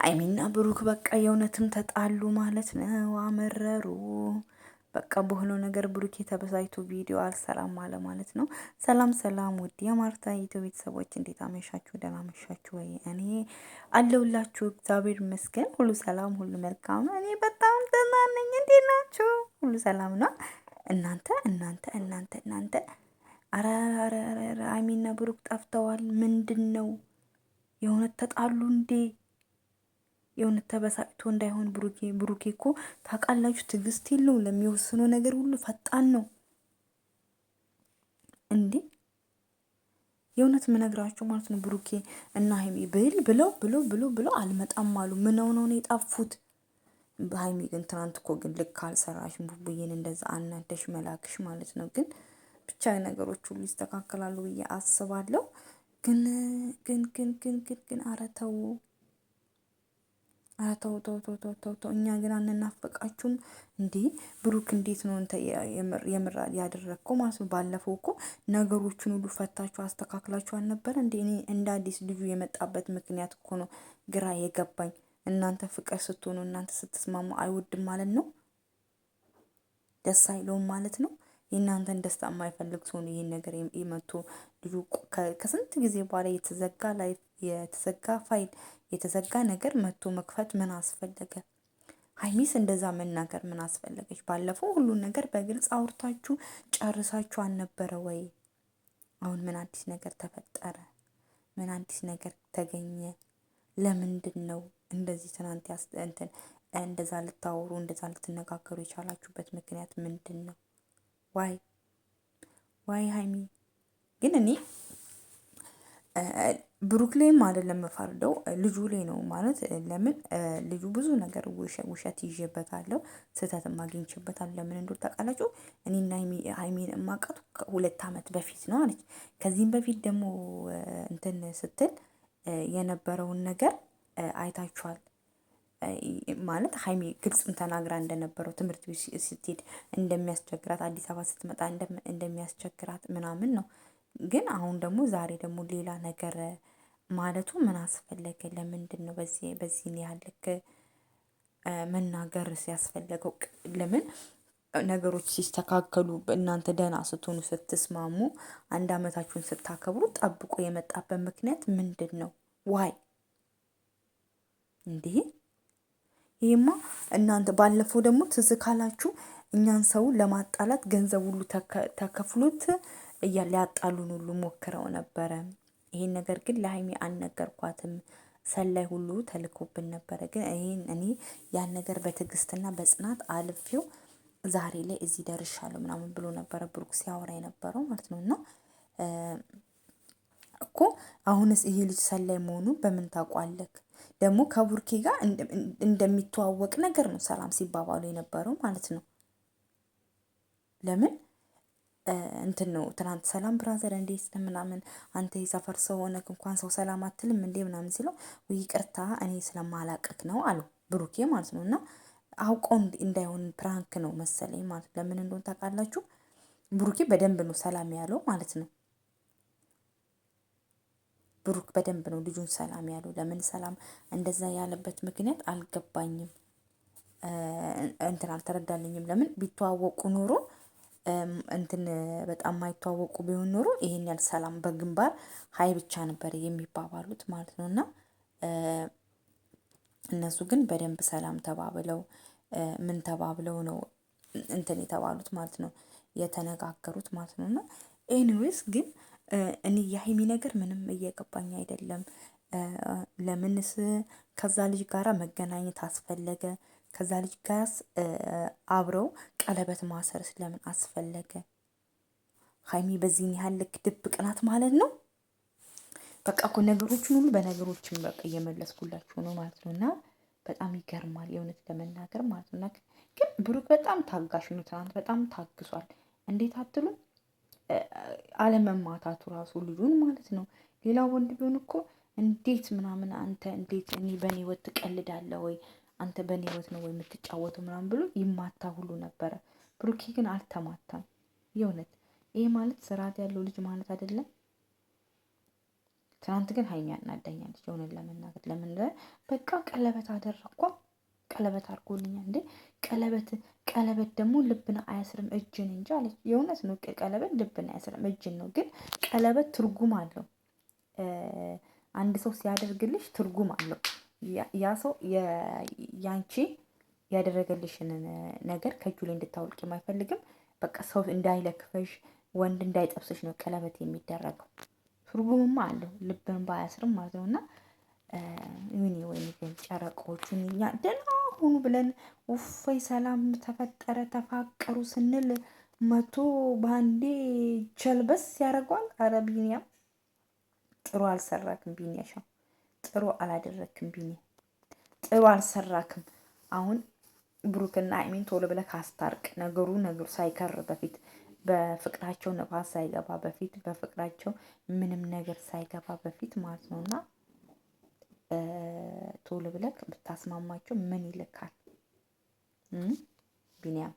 ሀይሚና ብሩክ በቃ የእውነትም ተጣሉ ማለት ነው። አመረሩ በቃ በሆነው ነገር ብሩክ የተበሳይቱ ቪዲዮ አልሰራም አለ ማለት ነው። ሰላም ሰላም፣ ውድ የማርታ ኢትዮ ቤተሰቦች እንዴት አመሻችሁ? ደህና አመሻችሁ ወይ? እኔ አለሁላችሁ እግዚአብሔር ይመስገን፣ ሁሉ ሰላም፣ ሁሉ መልካም። እኔ በጣም ደህና ነኝ። እንዴት ናችሁ? ሁሉ ሰላም ነው። እናንተ እናንተ እናንተ እናንተ አረ ሀይሚና ብሩክ ጠፍተዋል። ምንድን ነው የእውነት ተጣሉ እንዴ? የእውነት ተበሳጭቶ እንዳይሆን ብሩኬ ብሩኬ እኮ ታውቃላችሁ ትዕግስት የለው ለሚወስነው ነገር ሁሉ ፈጣን ነው እንዴ የእውነት ምነግራቸው ማለት ነው ብሩኬ እና ሀይሚ ብል ብለው ብለው ብለው ብለው አልመጣም አሉ ምነው ነው የጣፉት ሀይሜ ግን ትናንት እኮ ግን ልክ አልሰራሽም ቡቡዬን እንደዛ አናደሽ መላክሽ ማለት ነው ግን ብቻ ነገሮች ሁሉ ይስተካከላሉ ብዬ አስባለሁ ግን ግን ግን ግን ግን ግን አረተው ኧረ ተው ተው ተው ተው ተው፣ እኛ ግን አንናፈቃችሁም እንዴ? ብሩክ እንዴት ነው እንተ የምራ ያደረግከው ማለት ነው? ባለፈው እኮ ነገሮችን ሁሉ ፈታችሁ አስተካክላችሁ አልነበረ እንዴ? እኔ እንደ አዲስ ልጁ የመጣበት ምክንያት እኮ ነው ግራ የገባኝ። እናንተ ፍቅር ስትሆኑ እናንተ ስትስማሙ አይወድም ማለት ነው። ደስ አይለውም ማለት ነው። የእናንተን ደስታ የማይፈልግ ሲሆኑ ይህን ነገር የመቶ ልጁ ከስንት ጊዜ በኋላ የተዘጋ ላይፍ የተዘጋ ፋይል የተዘጋ ነገር መጥቶ መክፈት ምን አስፈለገ? ሀይሚስ እንደዛ መናገር ምን አስፈለገች? ባለፈው ሁሉን ነገር በግልጽ አውርታችሁ ጨርሳችሁ አልነበረ ወይ? አሁን ምን አዲስ ነገር ተፈጠረ? ምን አዲስ ነገር ተገኘ? ለምንድን ነው እንደዚህ ትናንት እንትን እንደዛ ልታወሩ እንደዛ ልትነጋገሩ የቻላችሁበት ምክንያት ምንድን ነው? ዋይ ዋይ ሀይሚ ግን እኔ ብሩክ ላይም አይደለም የምፈርደው ልጁ ላይ ነው ማለት ለምን ልጁ ብዙ ነገር ውሸት ይዤበታለሁ፣ ስህተት አግኝቼበታለሁ። ለምን እንዶ ታውቃላችሁ እኔና ሀይሜን ማቃቱ ከሁለት ዓመት በፊት ነው አለች። ከዚህም በፊት ደግሞ እንትን ስትል የነበረውን ነገር አይታችኋል ማለት ሀይሜ ግልጽም ተናግራ እንደነበረው ትምህርት ቤት ስትሄድ እንደሚያስቸግራት፣ አዲስ አበባ ስትመጣ እንደሚያስቸግራት ምናምን ነው። ግን አሁን ደግሞ ዛሬ ደግሞ ሌላ ነገር ማለቱ ምን አስፈለገ? ለምንድን ነው በዚህ በዚህን ያህል ልክ መናገር ሲያስፈለገው? ለምን ነገሮች ሲስተካከሉ እናንተ ደህና ስትሆኑ ስትስማሙ አንድ አመታችሁን ስታከብሩ ጠብቆ የመጣበት ምክንያት ምንድን ነው? ዋይ እንዲህ ይህማ እናንተ ባለፈው ደግሞ ትዝ ካላችሁ እኛን ሰው ለማጣላት ገንዘብ ሁሉ ተከፍሎት እያ ሊያጣሉን ሁሉ ሞክረው ነበረ። ይሄን ነገር ግን ለሀይሚ አልነገርኳትም። ሰላይ ሁሉ ተልኮብን ነበረ። ግን ይህን እኔ ያን ነገር በትዕግስትና በጽናት አልፌው ዛሬ ላይ እዚህ ደርሻለሁ ምናምን ብሎ ነበረ ብሩክ ሲያወራ የነበረው ማለት ነው። እና እኮ አሁንስ ይሄ ልጅ ሰላይ መሆኑን በምን ታውቋለክ? ደግሞ ከቡርኬ ጋር እንደሚተዋወቅ ነገር ነው ሰላም ሲባባሉ የነበረው ማለት ነው። ለምን እንትን ነው ትናንት ሰላም ብራዘር እንዴት ምናምን አንተ የሰፈር ሰው ሆነክ እንኳን ሰው ሰላም አትልም እንዴ ምናምን ሲለው ይቅርታ እኔ ስለማላቀቅ ነው አለው ብሩኬ ማለት ነው። እና አውቀው እንዳይሆን ፕራንክ ነው መሰለኝ ማለት ለምን እንደሆን ታውቃላችሁ? ብሩኬ በደንብ ነው ሰላም ያለው ማለት ነው። ብሩክ በደንብ ነው ልጁን ሰላም ያለው። ለምን ሰላም እንደዛ ያለበት ምክንያት አልገባኝም፣ እንትን አልተረዳልኝም። ለምን ቢተዋወቁ ኖሮ እንትን በጣም ማይተዋወቁ ቢሆን ኖሮ ይሄን ያህል ሰላም በግንባር ሀይ ብቻ ነበር የሚባባሉት ማለት ነው። እና እነሱ ግን በደንብ ሰላም ተባብለው ምን ተባብለው ነው እንትን የተባሉት ማለት ነው የተነጋገሩት ማለት ነው። እና ኤኒዌይስ ግን እኔ የሀይሚ ነገር ምንም እየገባኝ አይደለም። ለምንስ ከዛ ልጅ ጋራ መገናኘት አስፈለገ? ከዛ ልጅ ጋርስ አብረው ቀለበት ማሰርስ ለምን አስፈለገ? ሀይሚ በዚህን ያህል ልክ ድብቅ ናት ማለት ነው። በቃ እኮ ነገሮችን ሁሉ በነገሮችን በቃ እየመለስኩላችሁ ነው ማለት ነው። እና በጣም ይገርማል የእውነት ለመናገር ማለት ነው። ግን ብሩክ በጣም ታጋሽ ነው። ትናንት በጣም ታግሷል። እንዴት አትሉም? አለመማታቱ ራሱ ልጁን ማለት ነው። ሌላው ወንድ ቢሆን እኮ እንዴት ምናምን አንተ እንዴት እኔ በእኔ ወት ትቀልዳለህ ወይ አንተ በእኔ ህይወት ነው ወይ የምትጫወተው ምናምን ብሎ ይማታ ሁሉ ነበረ። ብሩኬ ግን አልተማታም። የእውነት ይህ ማለት ስርዓት ያለው ልጅ ማለት አይደለም። ትናንት ግን ሀይሚ ያናዳኛለች። የሆነ ለመናገር ለምን በቃ ቀለበት አደረግኳ ቀለበት አድርጎልኛል እንዴ! ቀለበት ቀለበት ደግሞ ልብን አያስርም እጅን እንጂ አለች። የእውነት ነው። ቀለበት ልብን አያስርም እጅን ነው፣ ግን ቀለበት ትርጉም አለው። አንድ ሰው ሲያደርግልሽ ትርጉም አለው። ያ ሰው ያንቺ ያደረገልሽን ነገር ከእጁ ላይ እንድታወልቂም አይፈልግም። በቃ ሰው እንዳይለክፈሽ፣ ወንድ እንዳይጠብስሽ ነው ቀለበት የሚደረገው። ትርጉምማ አለው ልብን ባያስርም ማለት ነው እና ይሁኔ ወይ ግን ጨረቆቹን እኛ ደህና ሁኑ ብለን ውፈይ ሰላም ተፈጠረ ተፋቀሩ ስንል መቶ በአንዴ ቸልበስ ያደርገዋል። አረ ቢኒያም ጥሩ አልሰራክም ቢኒያሻም ጥሩ አላደረክም ቢኒ፣ ጥሩ አልሰራክም። አሁን ብሩክና ሀይሚን ቶሎ ብለህ ካስታርቅ ነገሩ ነገሩ ሳይከር በፊት በፍቅራቸው ንፋስ ሳይገባ በፊት በፍቅራቸው ምንም ነገር ሳይገባ በፊት ማለት ነው እና ቶሎ ብለህ ብታስማማቸው ምን ይልካል ቢኒያም?